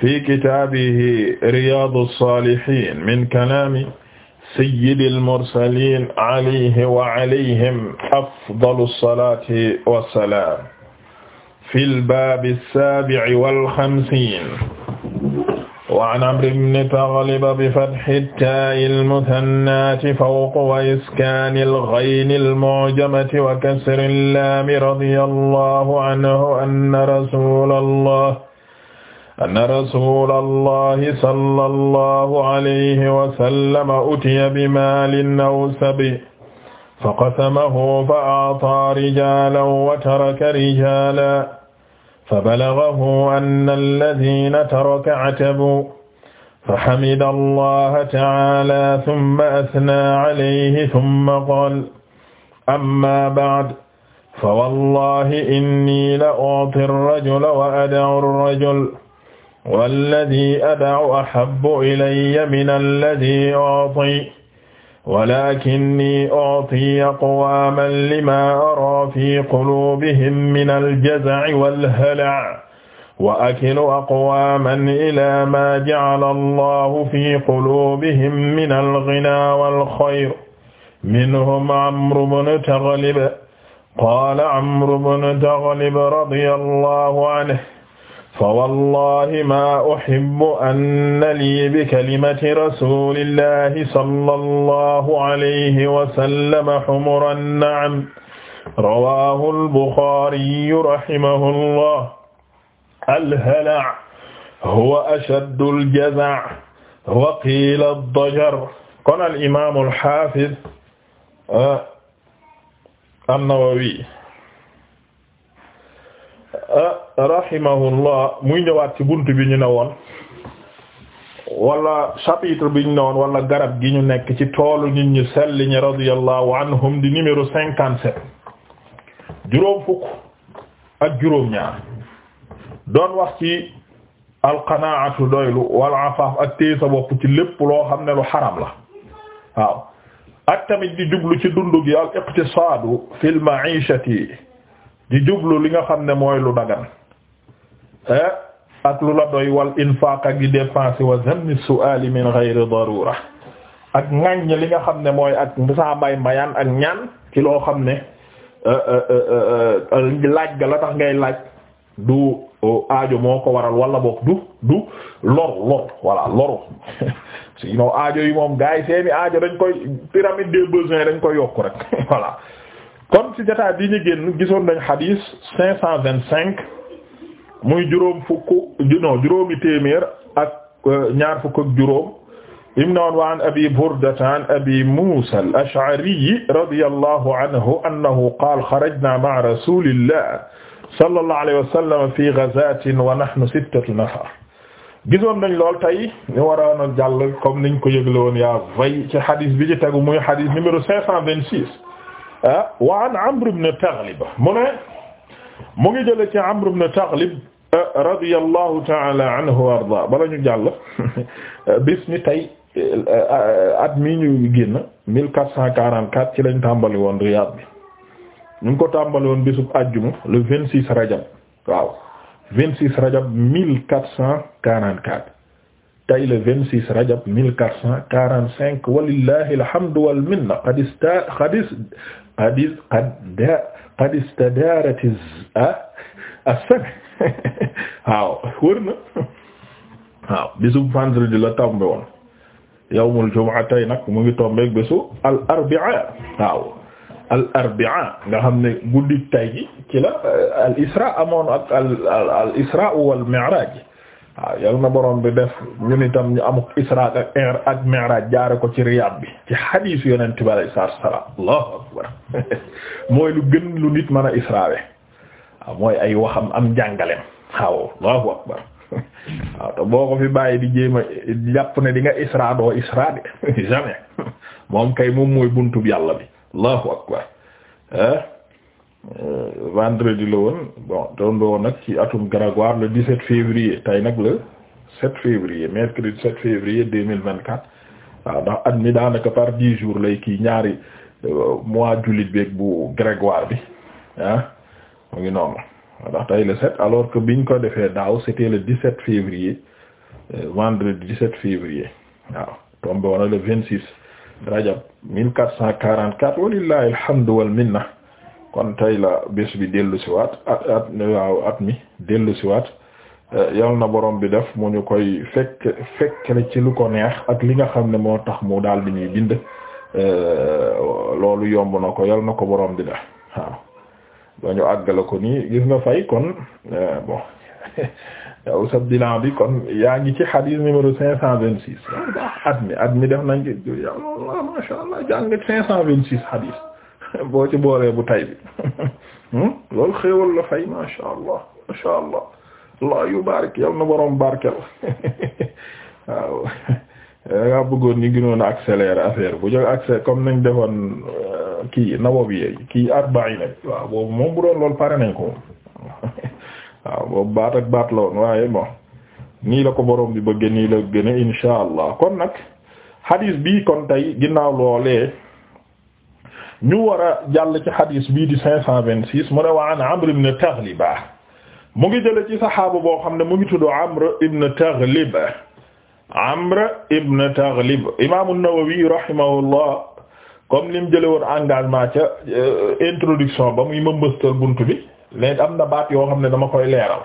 fi kitaabihi riyaadu saalihiin min kalaami sayyidil mursaliin alayhi wa alayhim afdalu salaati wa salaam fil baabi saabi'i wal xamsiin wa an amri bni tagliba bi fatxi taa'il musannaati fawqa wa iskaanil gaynil mu'jamati wa kasril laami radiyallaahu anhu anna rasuulallaah anna rasuulallahi sallallahu alayhi wa sallam utiya bimaalin aw sab'in faqasamahu fa a'taa rijaalan wa taraka rijaalan fabalagahu anna allaziina taraka atabuu fahamida allaha ta'aalaa summa athnaa alayhi summa qaala amma ba'du fawallahi innii la u'tii ar-rajula wa ad'uu ar-rajula walladi ada'u ahabbu ilayya mina alladi u'ti walaakinni u'ti aqwaaman lima araa fi quluubihim minal jaza'i wal hala'i wa akilu aqwaaman ilaa maa ja'ala allahu fi quluubihim minal ghinaa wal khayri minhum amru bnu taghlib qaala amru bnu taghlib radiyallahu anhu fa wallahi ma uhibbu an lii bi kalimati rasulillahi sallallahu alayhi wa sallam humra an-na'am rawahu al-Bukhari rahimahullah al-hala' huwa ashaddu al-jaza' wa qiila ad-dajar kon al-imam al-hafiz eh, an-Nawawi eh, rahimahullah muy ñëwaat ci bunt bi ñu ne woon wala chapitre bi ñu ne woon wala garab gi ñu nekk ci toolu nit ñu sell ñi radiyallahu anhum di numéro cinquante sept juróom fukk ak juróom ñaar doon wax ci alqanaatu doylu wal afaaf ak téye sa bopp ci lépp loo xam ne lu xaram la waaw ak tamit di jublu ci dund gi al iqtisaadu fil ma'iishati di jublu li nga xam ne mooy lu dagan Eh? ak lu la doy wal infaq ak gi dépenser wa zammi su'al min ghayri darura ak ngañ li nga xam ne mooy ak saa mbay mbayaan ak ñaan ci loo xam ne eh, eh, laaj ga la tax ngay laaj du oh, aajo moo ko waral wala book du du loru loru voilà loru sinon aajo yi moom gars seeni aajo dañ koy pyramide des besoins dañ koy yokk rek voilà kon ci jotaay bi ñu génn gisoon nañ hadis cinq cent vingt-cinq muy juróom fukk non juróomi téeméer ak euh, ñaar fukk ak juróom im noon woon wa abi burdata an abi musa al ash'ari radiyallahu anhu annahu qaala xarajna ma'a rasulillah sallallahu alayhi wa sallam fi ghazatin wa nahnu sittatu nafar gisoon nañ lool tey ñu waroon a jàll comme niñ ko yëgle woon yaa vay ci xadis bi ci tegu muy xadis numéro 526 ah wa an amr ibn mu ne mu ngi jële ci Amr ibn Taghlib euh, radiyallahu ta'ala anhu wa arda bala ñu jàll bis ni tey euh, at ñu génn mille quatre cent quarante-quatre ci lañ tàmbali woon Riyad bi ñu ngi ko tàmbali woon bisub àjjuma le vingt-six Rajab waaw Rajab tey le vingt six rajab mille quatre cent quarante cinq walillahi alhamdu wal minna qad ista qadis qadis qadda qad istadarat ah, as-sana waaw wër na bisub vendredi la tombe woon yawmul jumaa tey nag mu ngi tombeeg al arbia al arbia nga xam ne guddi tay gi euh, al isra amoon al isra wal mi'raj waaw yal na borom bi def ñun itam ñu amuk isra ak ir jaare ko ci riyaad bi ci xadiisu yonent bi allahu akbar mooy lu gën lu nit mën a israwe waaw mooy ay waxam am jàngaleem waaw allahu akbar waaw te boo ko fi bàyyi di jéema jàpp ne di nga doo isra de jamais moom kay moom mooy buntu yàlla bi allahu akbar eh? Euh, vendredi la woon bon tondoo nag ci atum Grégoire le 17 février tey nag le 7 février mercredi 7 février 2024 waaw ndax at mi daanaka par 10 jours lay kii ñaari euh, mois jullit beeg bu Grégoire bi ah mu ngi noonu ndax tey le 7 alors que biñ ko defee daaw c'était le 17 février euh, vendredi 17 février waaw tombé woon le 26 rajab 1444 walillahi alhamdu wal minna kon tey la bés bi dellu si waat at at mi dellu si waat eh, yal na borom bi def mu ñu koy fekk fekk la ci lu ko neex ak li nga xam ne moo tax mu daal di ñuy bind eh, loolu yomb na ko yal na ko boroom bi def waaw dañu àggale ko nii gis nga fay kon eh, bon bi kon yaa ngi ci hadith numéro cinq cent vingt six at mi at mi def nañ ci yàlla masha Allah jàng cinq cent vingt six hadith boo ci boolee bu tay bi hmm? loolu xéewal la fay ma sha allah ma sha allah allah yu barik yal na boroom barkel waaw eh, dangaa bëggoon ñu gënoon a accélérer affaire bu jóg accéléré comme nañ defoon euh, kii Nawawi yeey kii arba'in yi waaw boobu moom bu doon loolu pare nañ ko moom waaw boobu baat ak baat la woon waaye bon nii la ko boroom bi bëgg nii la gën a insha allah kon nag hadis bi kon tey ginnaaw loolee ñu war jàll ci xadiis bii di cinq cent vingt six mu ne wa an Amr ibn mu ngi jële ci saxaaba boo xam ne mu ngi tudd Amr ibn Taghlib Amr ibn Taghlib imaamu Nawawi rahimahullah comme lim jële woon engagement ca euh, introduction ba muy mëmbëstal bunt bi léegi am na baat yoo xam ne dama koy leeral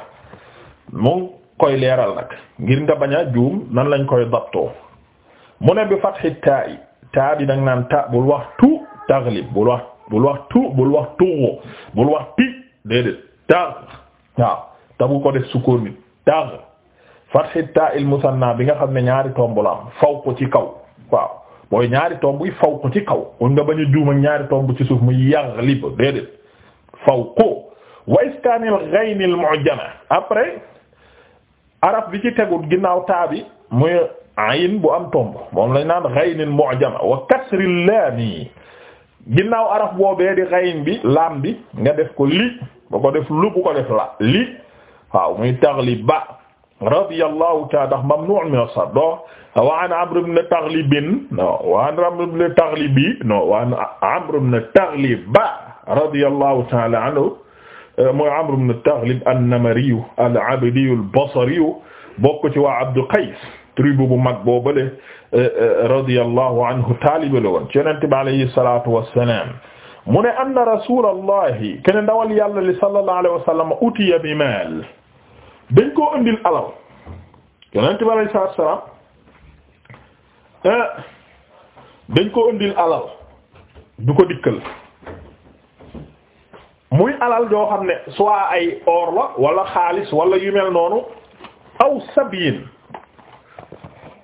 mu koy leeral nag ngir nga bañ a juum nan lañ koy dabtoo mu ne bi fatxi taa yi taa bi naan ta bul wax tu taglib bul wax bul wax tu bul wax tuuxu bul wax ti déedéet tagh waaw te bu ko def sukkoon nit tagh fathi ta il musanna bi nga xam ne ñaari tomb la am ko ci kaw waaw booy ñaari tomb yi faw ci kaw kon nga bañ a juum ak tomb ci suuf mu yaglib déedéet faw ko wa iskanil ghayn al mu'jama après araf bi ci tegul ginnaaw taa bi muy ayin bu am tomb moom lañ naan ghayn al mu'jama wa kasri laami ginnaaw araf boobee di xayin bi laam bi nga def ko li ba ko def lu bu ko def la li waaw muy taghliba radiyallahu ta'ala ndax mamnu' min as-sadr wa an Amr ibn Taghlib non wa an Amr ibn Taghlibi non wa an Amr ibn Taghliba radiyallahu ta'ala anhu mooy Amr ibn Taghlib an-Namari al-Abdi al-Basri bokk ci waa Abdul Qays tribu bu mag boobale eh, eh, radiyallahu anhu taaliba la woon ci yonente bi alayhi salatu wassalam mu ne anna rasulallahi kene ndawal yàlla li sallallahu alayhi wa sallam utiya bi mal dañ koo indil alal yonente bi alayhi salatu wassalam eh, dañ koo indil alal du ko dikkal muy alal joo xam ne soit ay or la wala xaalis wala yu mel noonu aw sabiin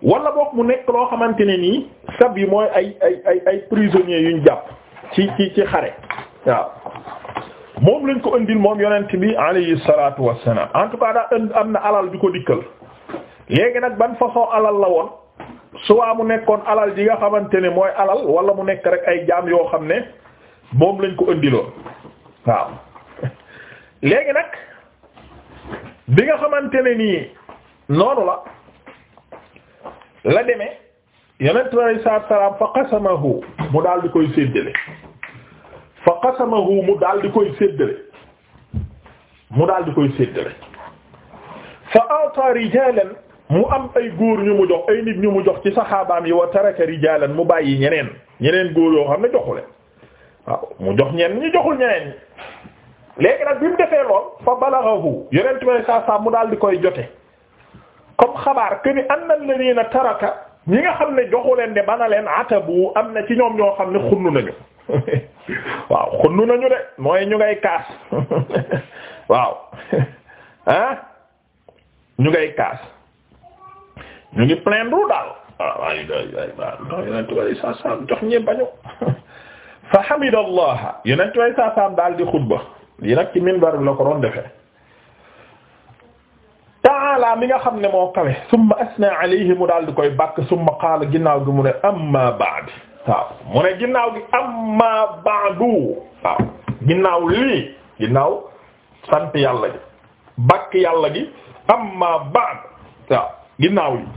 wala boog mu nekk loo xamante ne nii sab yi mooy ay ay ay ay prisonniers yuñ jàpp ci ci ci xare waaw moom lañ ko indil moom yonent bi alayhi salaatu wassalaam en tout cas daa indi am na alal ju ko dikkal léegi nag ban façon alal la woon soit mu nekkoon alal ji nga xamante ne mooy alal wala mu nekk rek ay jaam yoo xam ne moom lañ ko indiloon waaw léegi nag bi nga xamante ne nii noonu la. la deme yonent bi alayhi salaatu salaam fa qasamahu mu daal di koy séddale fa mu daal di koy séddale mu daal di koy séddale fa ata rijalan mu am ay góor ñu mu jox ay nit ñu mu jox ci saxaabaam yi wa taraka rijalan mu bàyyi ñeneen ñeneen góor yoo xam ne joxule waaw mu jox ñenn ñu joxul ñeneen léegi nag bi mu defee lool fa balaghahu yonent bi alayhi salaatu wa salaam mu daal di koy jote comme xabaar que na anna alladhina taraka ñi nga xam ne joxu leen de bana leen atabu am na ci ñoom ñoo xam ne xunnu nañu waaw xunnu nañu de mooy ñu ngay kaas waaw ah ñu ngay kaas ñu ngi plaindre daal waaw ah, waay day daal di xutba yi nag ci minbar bi la ko doon defee ta'ala mi nga xam ne moo kawe summa asna alayhi mu daal di koy bàkk summa qaala ginnaaw gi mu ne amma ba'd waaw mu ne ginnaaw gi amma ba'du waaw ginnaaw lii ginnaaw sant yàlla gi bàkk yàlla gi amma ba'd waaw ginnaaw lii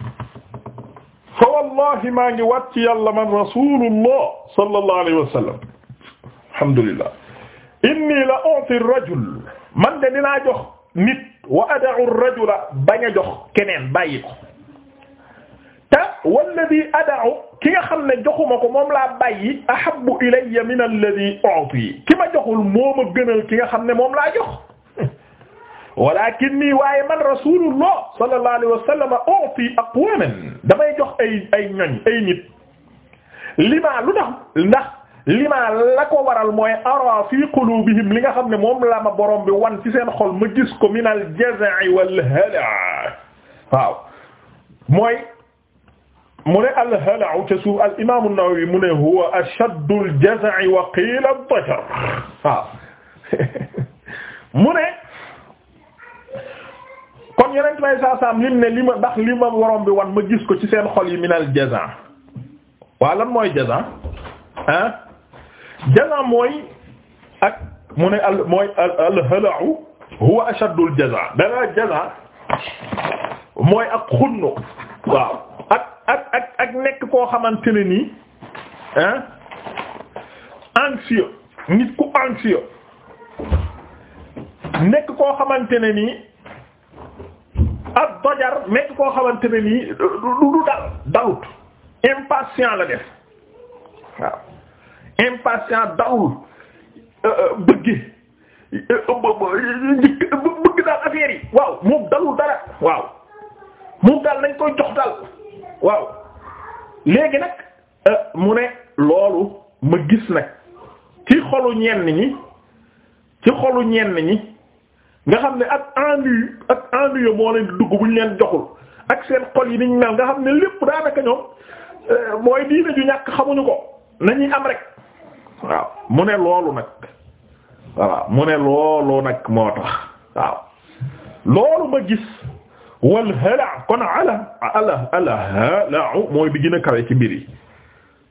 fa wallahi maa ngi wat ci yàlla man rasulullah sallallahu alayhi wa sallam alhamdulillah inni la u'ti ar-rajul man de dinaa jox nit wa ada'u ar-rajula bañ a jox keneen bàyyi ko te walladhi ada'u ki nga xam ne joxuma ko moom laa bàyyi ahabbu ilayya min alladhi u'ti ki ma joxul moo ma gënal ki nga xam ne moom laa jox walakinni waaye man rasulullah sallallahu alayhi wa sallam u'ti aqwaman damay jox ay ay ñoñ ay nit lima lu tax ndax lima la ko waral mooy ara fi qulubihim li nga xam ne moom la ma borom bi wan ci seen xol ma gis ko min al jaza'i wal hala mu ne al hala'u ca mu ne huwa ashaddu al jaza'i ne kon yenent may li ndax li ma bi wan ma gis ko ci seen xol yi min al mooy jaza' ah jaza mooy ak mune ne al mooy al hala'u huwa ashaddu al jaza dara jaza mooy ak xunnu waaw ak nekk koo xamante ne nii hein nit ku nekk koo xamante ne nii ak dojar nekk koo xamante ne nii du du dal dalut impatient la def impatient dawul euh, euh, bëgge euh, bëgg daal affaire yi waaw moom dalul dara waaw moom daal nañ koy jox daal waaw léegi nag mu ne loolu ma gis nag ci xolu ñenn ñi ci xolu ñenn ñi nga xam ne ak ennui ak ennui moo leen dugg bu ñu leen joxul ak seen xol yi niñ mel nga xam ne lépp daanaka ñoom mooy diine ju ñàkk xamuñu ko nañuy am rek waaw mu ne loolu nag mu ne loolu nag moo tax waaw loolu ma gis wal hala kon ala ala ala mooy bi gën a kawe ci mbir yi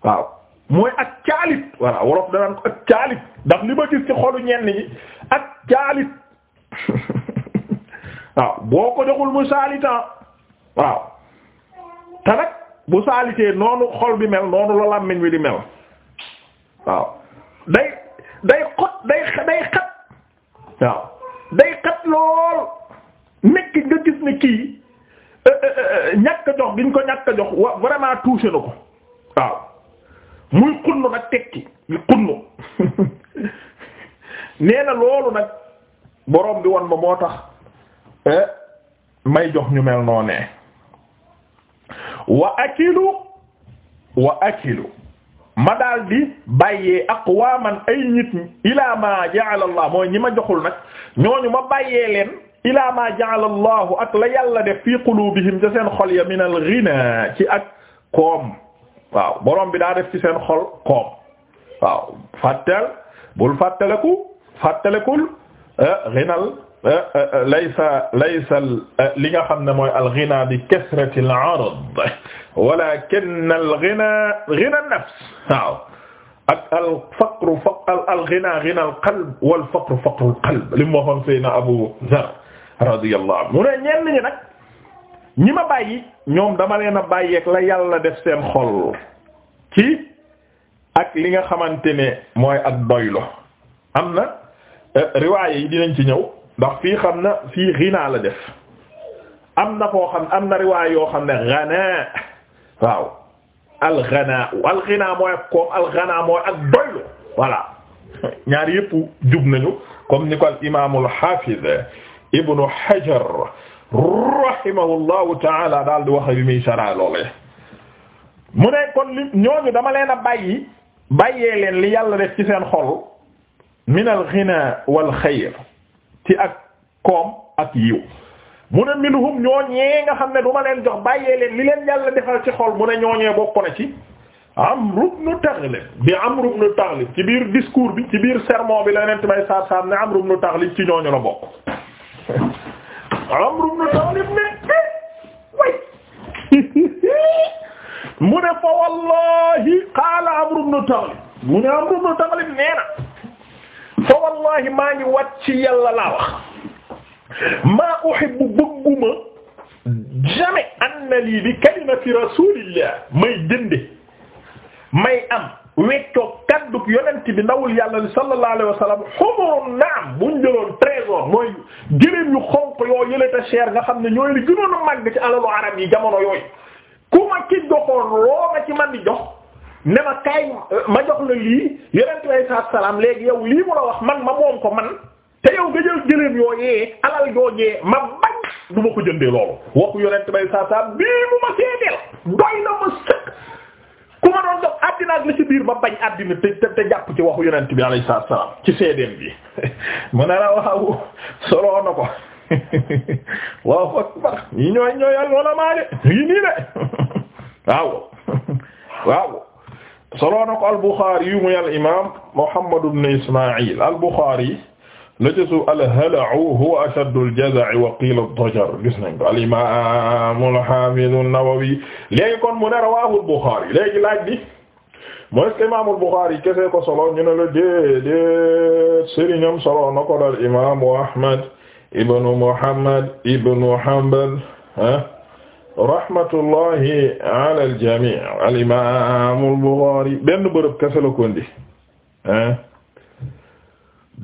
waaw mooy ak caalit voilà wolof danaan ak caalit ndax li ma gis ci xolu ñenn ñi ak caalit waaw boo ko joxul mu saalitan waaw te nag bu saalitee noonu xol bi mel noonu la làmmiñ wi di mel waaw day day xot day xat waaw day xat lool nekk nga gis ne kii euh, euh, euh, ñàkk jox giñ ko ñàkk jox wa vraiment touché na ko waaw muy xunnu nag tekki xunnu nee na loolu nag borom bi won ma moo tax may jox ñu mel noonee wa akilu wa akilu ma daal di bàyyee aqwaman ay nit ilaa ma ja'ala allah mooy ñi ma joxul nag ñooñu ma bàyyee leen ilaa ma ja'ala allah ak la yàlla def fii qulubihim ca seen xol ya min al ghina ci ak koom waaw borom bi daa def seen xol koom waaw fàttel bul fàttalekul fàttalekul eh, ghinal Eh, eh, eh, laysa laysa li nga xam ne mooy alghina bi kasrati al-arad walakin al-ghina ghina an-nafs waaw ak al-faqru al-ghina ghina al-qalb wal-faqru faqru al-qalb li mu waxoon Seydina Abu Dharr radiyallahu anhu mu ne ñenn ñi nag ñi ma bàyyi ñoom dama leen a bàyyeeg la yàlla def seen xol ci ak li nga xamante ne mooy ak doylu am na riwaaya yi dinañ ci ñëw. ndax fii xam na fii la def am na foo xam na riwaay yoo xam ne xanaa mooy ak doylu voilà ñaar yëpp jub nañu comme ni al imaamul xaafiz ibnu hajar rahimahullahu taala daal di wax bi muy saraa loolee mu ne kon li ñooñu dama leen a bàyyi bàyyee leen li yàlla def xol min al xinaa wal ci ak koom ak yiw mu ne minhum ñooñee nga xam ne du ma leen jox bàyyee leen li leen yàlla defal ci xol mu ne ñooñee bokk na ci Amr ibn Taghlib bi Amr ibn Taghlib ci biir discours bi ci biir sermon bi la nent may saab saab ne Amr ibn Taghlib ci ñooñu la bokk Amr ibn Taghlib ne mu ne fa wallahi qaala Amr ibn Taghlib mu ne Amr ibn Taghlib nee na fa wallahi maa ngi wat ci yàlla laa wax maa uhibbu bëgguma jamais anna lii bi kalimati rasulillah may jënde may am weccoo kaddu yonent bi ndawul yàlla li sallallahu alayhi wa sallam xumurun naam buñ jëloon trésor mooy jëréen yu xonq yoo yële ta cher nga xam ne ñooy li gënoon a màgg ci alalu arab yi jamono yooyu ku ma ci joxoon loo ma ci man di jox ne ma kaay euh, ma jox la lii yonent bi alayhi salaam léegi yow lii mu la wax man ma moom ko man te yow nga jël jëleem yooyee alal joojee ma bañ du ma ko jëndee loolu waxu yonent bi alayhi salaam bii mu ma seedeel doy na ma sëkk ku ma doon jox àddina ak la ci biir ba bañ àddina te te jàpp ci waxu yonent bi alayhi salaam ci seedeel bi mu ne la ko waaw akbar ñi ñooy ñooy al ulama de ñi nii de waaw waaw solo na ko al-Bukhari yu muy al imaam Muhammad ibn Isma'il al-Bukhari la ca suuf al-hala'u huwa ashaddu al-jaza'i wa qiila ad-dajar gis nañ ko al-imaam al-haafiz an-Nawawi léegi kon mu ne rawaahu al-Bukhari léegi laaj bi mooy est-ce que imaam al-Bukhari kese ko solo ñu ne la déedéet sëriñam solo na ko dal imaamu Ahmad ibn Muhammad ibn Hanbal ah. rahmatullahi ala aljami alimamu alboxari benn bërëb kese la ko indi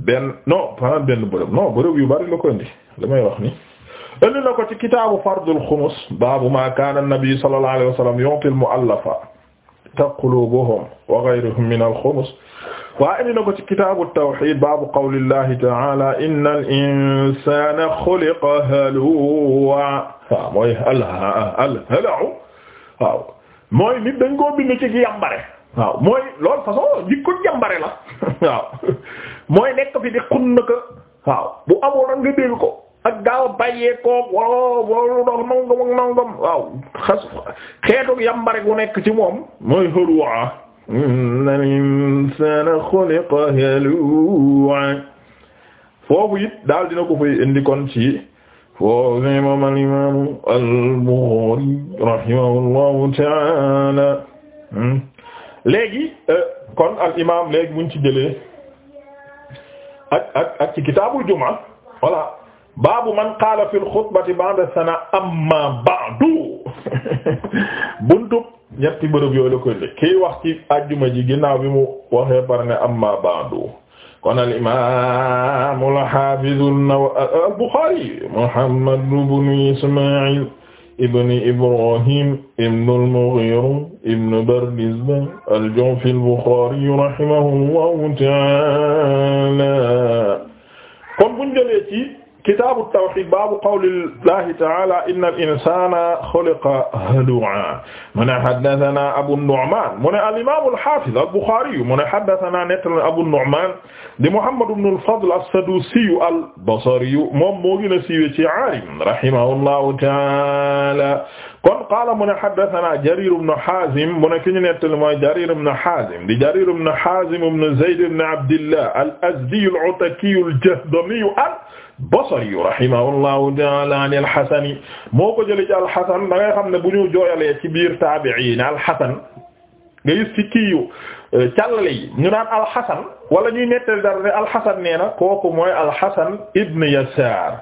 benn non pas benn bërëb non bërëb yu bari la ko indi li may wax ni indi na ko ci kitaabu fardul xumus baabu ma kaana annabi sallallahu alayhi wa sallam yu'ti almu'allafa qulubuhum wa ghayruhum min alxumus waa indi na ko ci kitaabu tawxiid baabu qawlillahi ta'ala innal insaana xuliqa haluu'a waaw mooy al al hala'u mooy nit dañ koo bind ci yambare waaw mooy loolu façon jikko yambare la waaw mooy nekk fi di xunn ko waaw bu amul rek nga dégg ko ak gaaw a bàyyee koog wala wala dox nangam ak nangam yambare gu nekk ci moom mooy haluu'a innal insaana xuliqa haluu'an foofu it daal dina ko fay indi kon ci foofu imam al imaamu al-Buxaari rahimahullahu ta'aala hmm. léegi euh, kon al imaam léegi buñ ci jëlee ak ak ak ci kitaabul jumaa voilà baabu man qaala fil xutbati ba'da sanaa amma ba'du buntub ñetti bërëb yooyu la koy indi kii wax ci àjjuma ji ginnaaw bi mu waxee par ne amma ba'du kon al imaam al haafiz al Buxaari Muhammad ibn Ismaa'il ibn Ibraahiim ibn al Mughiira ibn Bardizbah al Ju'fi al Buxaari rahimahullahu ta'aala kon buñ jëlee ci kitaabu tawhiid baabu qawlillaahi ta'aalaa innal insaana xuliqa haluu'an mu ne haddasanaa Abu Nu'maan mu ne al-imaam al-haafiz al-Buxaari mu ne haddasanaa nettali Abu Nu'maan di Muhammad ibn al-Fadl as-Saduusi al-Basri moom moo gën a siiwee ci Aarim rahimahullaahu ta'aalaa kon qaala mu ne haddasanaa Jariir ibn Haazim mu ne ki ñu nettali mooy Jariir ibn Haazim di Jariir ibn Haazim ibn Zayd ibn Abdillaah al-Azdi al-Ataki al-Jahdami al-Basri rahimahullahu ta'ala an al-Hasan moo ko jëlee ci al-Hasan da ngay xam ne bu ñu jooyalee ci biir taabi'iin al-Hasan nga gis ci kii yu euh, càllale yi ñu naan al-Hasan wala ñuy nettali dara ne al-Hasan nee na kooku mooy al-Hasan ibn Yasaar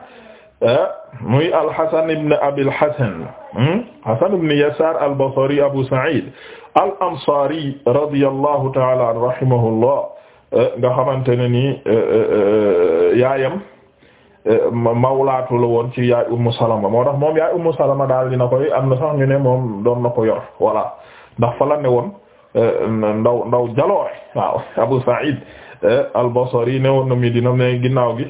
euh, muy al-Hasan ibn Abil Hasan hmm? Hasan ibn Yasaar al-Basri Abu Sa'id al-Ansari radiyallahu ta'ala anhu rahimahullah euh, nga xamante ne ni yaayam mawlaatu la woon ci yaay ummu salama moo tax moom yaay ummu salama daal dina koy am na sax ñu ne moom doon na ko yor voilà ndax fa la ne woon euh, ndaw ndaw jaloore waaw Abu Sa'id euh, al-Basri ne woon na mi dina ne ginnaaw gi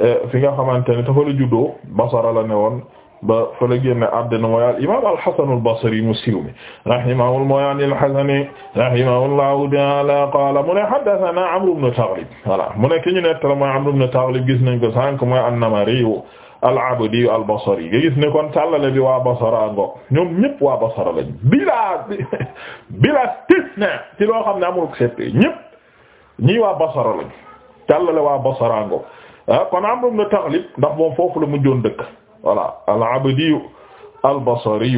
euh, fi nga xamante ne dafa la juddoo Basra la ne woon ba fële génne àddina mooy al imaam al Hasan al Basri mu siiw mi rahimahul mooy an al Hasani rahimahullahu ta'ala qaala mu ne haddathana Amr ibn Taghlib voilà mu ne ki ñu nettali mooy Amr ibn Taghlib gis nañ ko sànq mooy an-Namari al Abdi al Basri nga gis ne kon tallale bi waa Basra ngo ñoom ñëpp waa Basra lañ bila bila istisna ci loo xam ne amul excepté ñëpp ñii waa Basra lañ tallale waa Basra ngo ah, kon Amr ibn Taghlib ndax moom foofu la mujjoon dëkk voilà al-Abdi al-Basri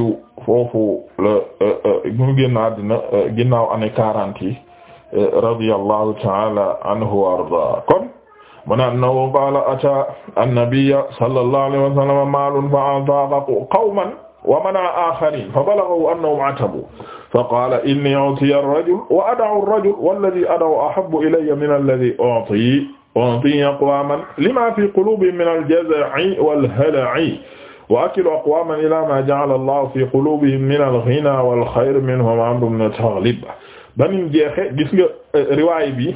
foofu la euh, euh, mu génn àddina euh, ginnaaw année quarante yi radiyallahu ta'ala anhu wa arda kon mu ne annahu qaala ataa an-nabiyya sallallahu alayhi wa sallam maalun fa'ataqa qawman wa mana'a aakharin fabalaghahu annahum atabu faqaala innii u'tiya ar-rajul wa ada'u ar-rajul walladhii ada'u ahabbu ilayya min alladhii u'tii unti aqwaman lima fi qulubihim min al-jaz'i wal-hala'i wa akilu aqwaman ila ma ja'ala Allah fi qulubihim min al-ghina wal-khayr minhum Amr ibn Taghlib banim jeexe gis nga euh, riwaay bi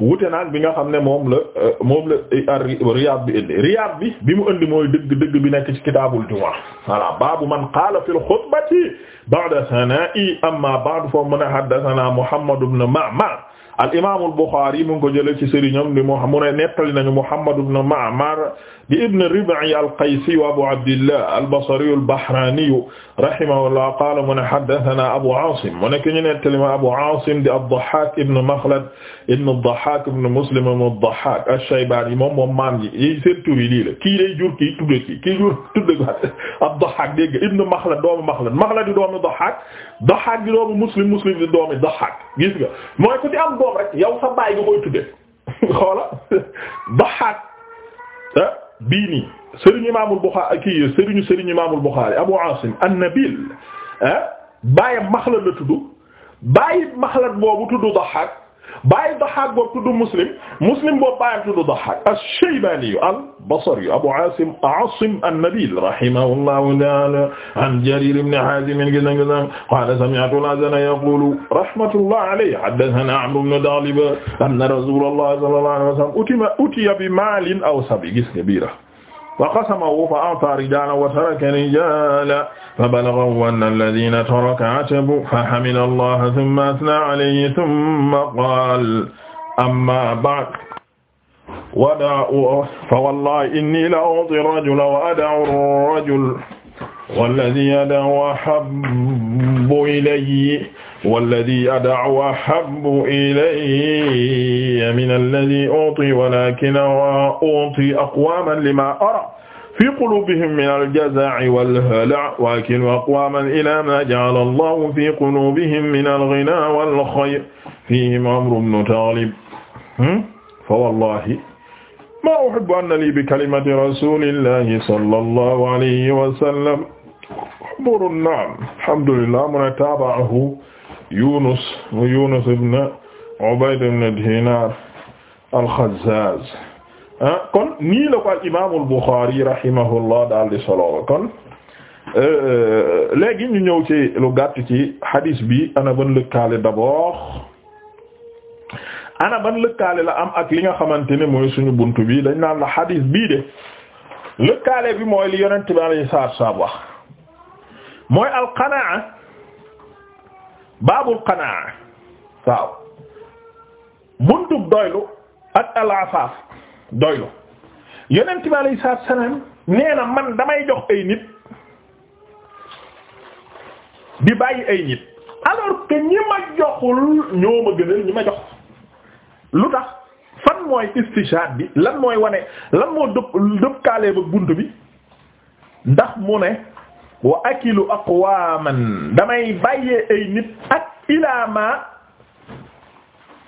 wute naan bi nga xam ne moom la euh, moom la euh, Riyaad bi indi Riyaad bi bi mu indi mooy dëgg dëgg bi nekk ci kitaabul jumaa voilà baabu man qaala fil xutbati ba'da sanaa'i amma ba'du fa man haddasanaa Muhammad ibn Ma'mar al imaamul Buxaari mu ngi ko jëlee ci sëriñam di mu ne nettali nañu Muhammad ibn Ma'mar di ibn Rib'i al-Qaysi wa Abu Abdillah al-Basri al-Bahrani rahimahullah qaala mu ne haddathana Abu Asim mu nekk ñu nettali ma Abu Asim di ad-Dahhak ibn Makhlad ibn ad-Dahhak ibn Muslim ibn ad-Dahhak ash-Shaybani moom moom maam ji yi seen tur yi lii la kii lay jur kii tudde kii kii jur tudde ko ad-Dahhak dégg ibn Makhlad doomu Makhlad Makhlad di doomu Dahhak Dahhak di doomu Muslim Muslim di doomu Dahhak gis nga mooy ku di am doom rek yow sa baay nga koy tudde xoola Dahhak eh? bii nii sëriñ imaamul Buxaari kii sëriñu sëriñ imaamul Buxaari Abu Asim an-Nabil ah bàyyam Maxlad la tudd bàyyi Maxlad boobu tudd Dahhaak bàyyi Dahhaak boobu tudd Muslim Muslim boobu bàyyam tudd Dahhaak ash-Shaybani al-Basri Abu Asim Asim an-Nabil rahimahullahu ta'ala an Jarir ibn Hazim qala sami'tu al-Hasan yaqulu rahmatullahi alayhi haddathana Amr ibn Daghlib anna Rasulullah sallallahu alayhi wa sallam utiya bi maalin aw sabi gis nga biira fa qasamahu fa a'ta rijalan wa taraka rijalan fa balaghahu anna alladhina taraka atabu fa hamida allaha thumma athna alayhi thumma qala amma ba'd wada'u fa wallahi inni la uti rajula wa ada'u rajula walladhi yada'u ahabbu ilayya walladi ada'u ahabbu ilayya mina alladi uti walakin uti aqwaman lima ara fi qulubihim min aljaza'i walhala' walakin aqwaman ila ma ja'ala allahu fi qulubihim min alghina walkhayr fihim amru ibn taghlib fa wallahi ma uhibbu anna li bi kalimati rasulillahi sallallahu alayhi wa sallam hurun na'am alhamdulillah man taaba'ahu Yunus mu Yunus ibn Ubayd Dinar al ah, kon nii la ko al imaam al-Bukhari rahimahullah daal di solo kon eh, léegi ñu ñëw ci lu gàtt ci hadis bi ana ban lëkkaale d'abord ana ban lëkkaale la am ak li nga xamante ne mooy suñu bunt bi dañ naan la hadis bii de lëkkaale bi mooy li yonent bi alayhi salaatu wa al-qanaa baabul qanaa waaw buntub doylu ak alaafaaf doylu yonent bi alayhi salaatu nee na man damay jox ay nit di bàyyi ay nit alors que ñi ma joxul ñoo ma gënal ñi ma jox lu tax fan mooy istishhad bi lan mooy wane lan moo dëpp dëpp kaale ba bunt bi ndax mu ne wa akilu aqwaman damay bàyyee ay nit ak ila ma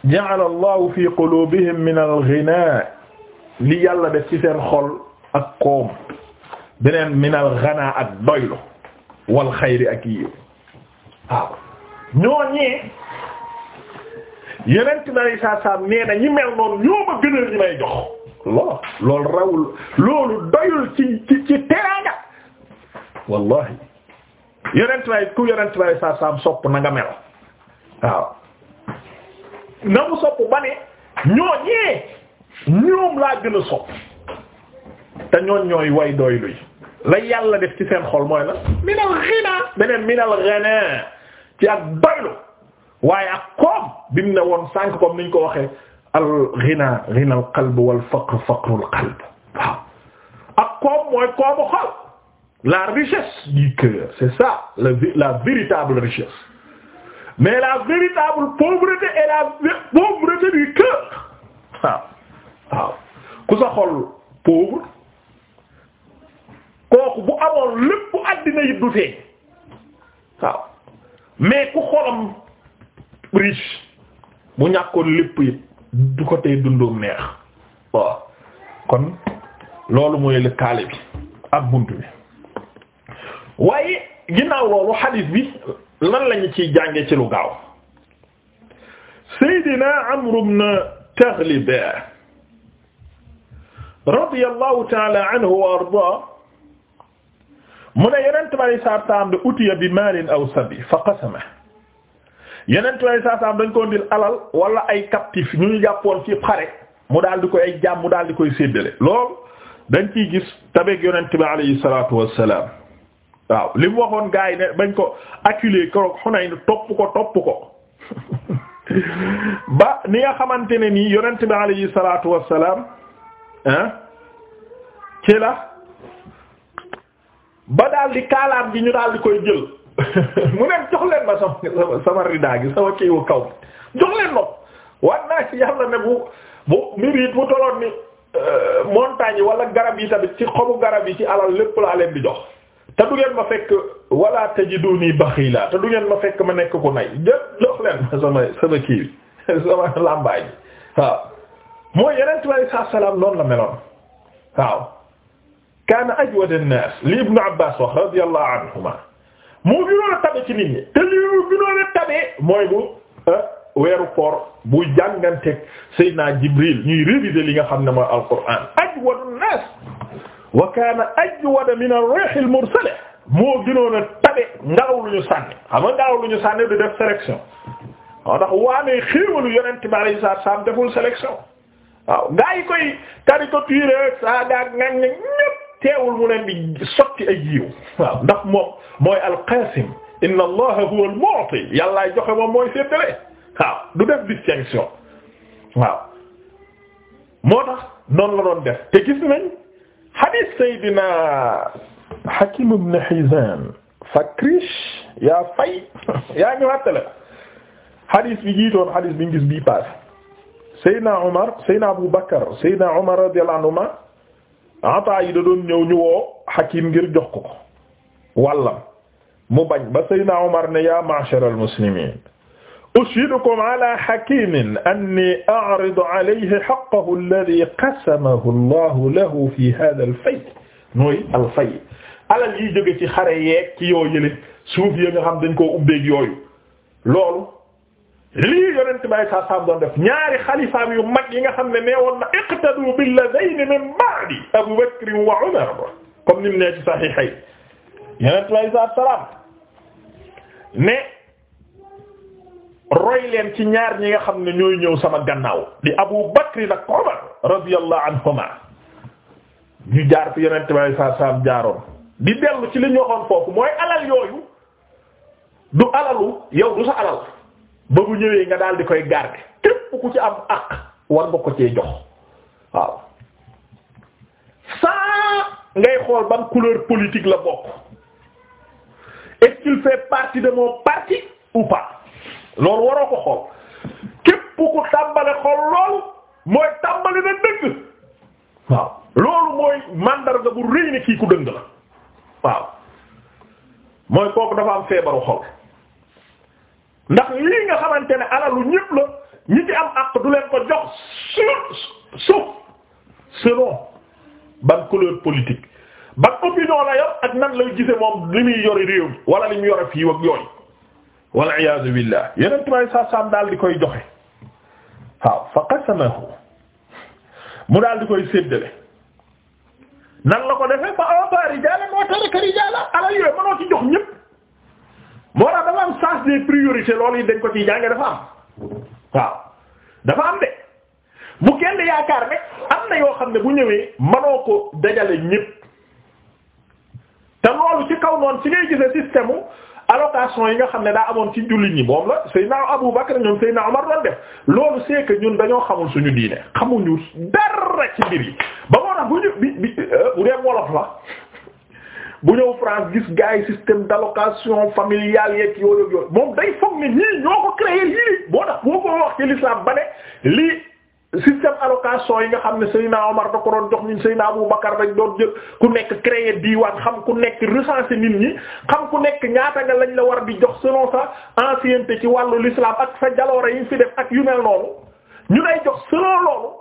ja'ala allahu fi qulubihim min al-ghina li yàlla def ci seen xol ak koom beneen min al-ghana ak doylu wal xayri ak yiw waaw ñooñee yenent saa salaam nee na ñi mel noonu ñoo ma gënal ñi may lool loolu rawul loolu ci ci wallahi yonent lay ku yonent lay saa saam sopp na nga mel waaw na mu sopp laa gën a sopp te way doy la yàlla def ci seen xol mooy la minal ghina beneen minal ghina ci ak doylu waaye ak koom bi mu ne woon sànk comme niñ ko waxee al ghina ghina al qalb wal faqr faqrul qalb waaw ak koom mooy xol la richesse du cœur c'est ça la la véritable richesse mais la véritable pauvreté est la pauvreté du cœur waaw ah. ah. waaw ku sa xol pauvre kooku bu amoon lépp àddina yi du feeñ waaw mais ku xolam riche mu ñàkkoon lépp yi du ko tey dundoom neex waaw ah. kon loolu mooy lëkkaale bi ak bunt bi waaye ginnaaw loolu xadiis bi lan lañu ciy jànge ci lu gaaw Seydina Amr ibn Taghlib radiyallahu ta'ala anhu wa ardaa mu ne yeneen tubaab yi saa saam de utiya bi maalin aw sabi fa qasama yeneen tubaab yi saa saam dañ ko ndil alal wala ay captif ñu ñu jàppoon ci xare mu daal di koy ay jaam mu daal di koy séddale loolu dañ ciy gis tabeeg yonent bi alayhi salaatu wa salaam waaw li mu waxoon gars yi ne bañ ko acculé keroog Hunayn topp ko topp ko ba ni nga xamante ne nii yonent bi alayhi salaatu wassalaam ah ci la ba daal di kaalaam gi ñu daal di koy jël mu ne jox leen ma sama sama ridaa gi sama kiiwu kaw jox leen ma war naa ci yàlla ne bu bu mbir mu toloon ni euh, montagne yi wala garab yi tamit ci xobu garab yi ci alal lépp laa leen di jox. te du ma fekk wala tajiduni baxila te du ma fekk ma nekk ku loo jë jox leen ma sama sama kii sama mooy yeneen bi salaam noonu la meloon kaana ajwad an-nas li ibnu abbas wax radiyallahu anhuma moo gënoon a tabe ci li gënoon a mooy bu ah, weeru koor bu jànganteeg Seydina Jibril ñuy réviser li nga xam ne mooy alquran ajwad an wa kaana ajwada min ar-rih moo gënoon a tabe ngelaw lu ñu sànni xam nga ngelaw lu ñu sànni du def sélection waaw ndax waamee xéewalu yonent bi alayhi salaam deful sélection waaw gaa yi koy caricature saa gaag nga ne ñépp teewul mu leen di sotti ay yiw waaw ndax moom mooy al-Qaasim inna huwa al-mu'ti joxe moom mooy séddale waaw du def distinction waaw moo tax noonu la doon def te gis nañ hadith Seydina Hakim ibn Hizam fakrish yaa fay yaa ñu wattale hadith bi jiitoon hadith bi ngis bii paas Seydina Omar Seydina Abu Bakar Seydina Omar radiyallahu anhuma ata yi da doon ñëw ñu woo Hakim ngir jox ko ko walla mu bañ ba Seydina Omar ne yaa ma'shar al-muslimin ushidukum ala hakimin anni a'ridu alayhi haqqahu alladhi qasamahu Allahu lahu fi hadha al-fay nooy al-fay alal yiy jóge ci xare yeeg ci yoo yële suuf ya nga xam dañ koo ubbeeg yooyu loolu lii yonent bay saa saam doon def ñaari xalifaam yu mag yi nga xam ne nee woon na iqtadu billadhayni min ba'di Abu Bakr wa Umar comme ni mu nee ci saxiixay yonent bay saa salaam ne roy leen ci ñaar ñi nga xam ne ñooy ñëw sama gannaaw di Abu Bakr ak Umar radiyallahu anhuma ñu jaar fi yonent bi alayhi salaatu salaam jaaroon di dellu ci li ñu waxoon foofu mooy alal yooyu du alalu yow du sa alal ba bu ñëwee nga daal di koy garder képp ku ci am ak war nga ko cee jox waaw ngay xool ban couleur politique la bokk est-ce qu'il de mon parti ou loolu waroo ko xool képp ku tàmbale xool loolu mooy tàmbali na dëgg waaw loolu mooy mandarga bu rëy ne kii ku dëng la waaw mooy kooku dafa am feebaru xol ndax lii nga xamante ne alalu ñépp la ñi ci am àq du leen ko jox su suuf selon ban couleur politique ban opinion la yor ak nan lay gise moom li muy yore réew mi wala li mu yore fii ak yooyu wal iyaazu billah yeneen tubaab saa saam daal di koy joxe waaw fa qasamahu mu daal di koy séddale nan la ko defee fa a'ta rijaalan wa taraka rijaalan alal yooyu mënoo ci jox ñëpp moo tax dafa am sens des priorités loolu yi dañ ko ciy jànge dafa am waaw dafa am de bu kenn yaakaar ne am na yoo xam ne bu ñëwee mënoo ko dajale ñëpp te loolu ci kaw noonu ci ngay gisee système allocation yi nga xam ne daa amoon ci jullit ñi moom la Seydina Abu Bakr ñoom Seydina Omar doon def loolu c'est ñun dañoo xamul suñu diine xamuñu dara ci mbir yi ba moo tax bu ñu bi bi euh, bu dee wolof la bu ñëw France gis gars système d'allocation familiale yeeg yooyu yooyu moom day foog ni ñii ñoo ko créé lii boo tax boo ko wax ci l'islam ba ne lii système allocation yi nga xam ne Seydina Omar da ko doon jox ñun Seydina Abu Bakar dañ doon jël ku nekk di diwaan xam ku nekk recenser nit ñi xam ku nekk ñaata nga lañ la war di jox selon sa ancienneté ci wàllu l'islam ak sa jaloore yi fi def ak yu mel noonu ñu lay jox selon loolu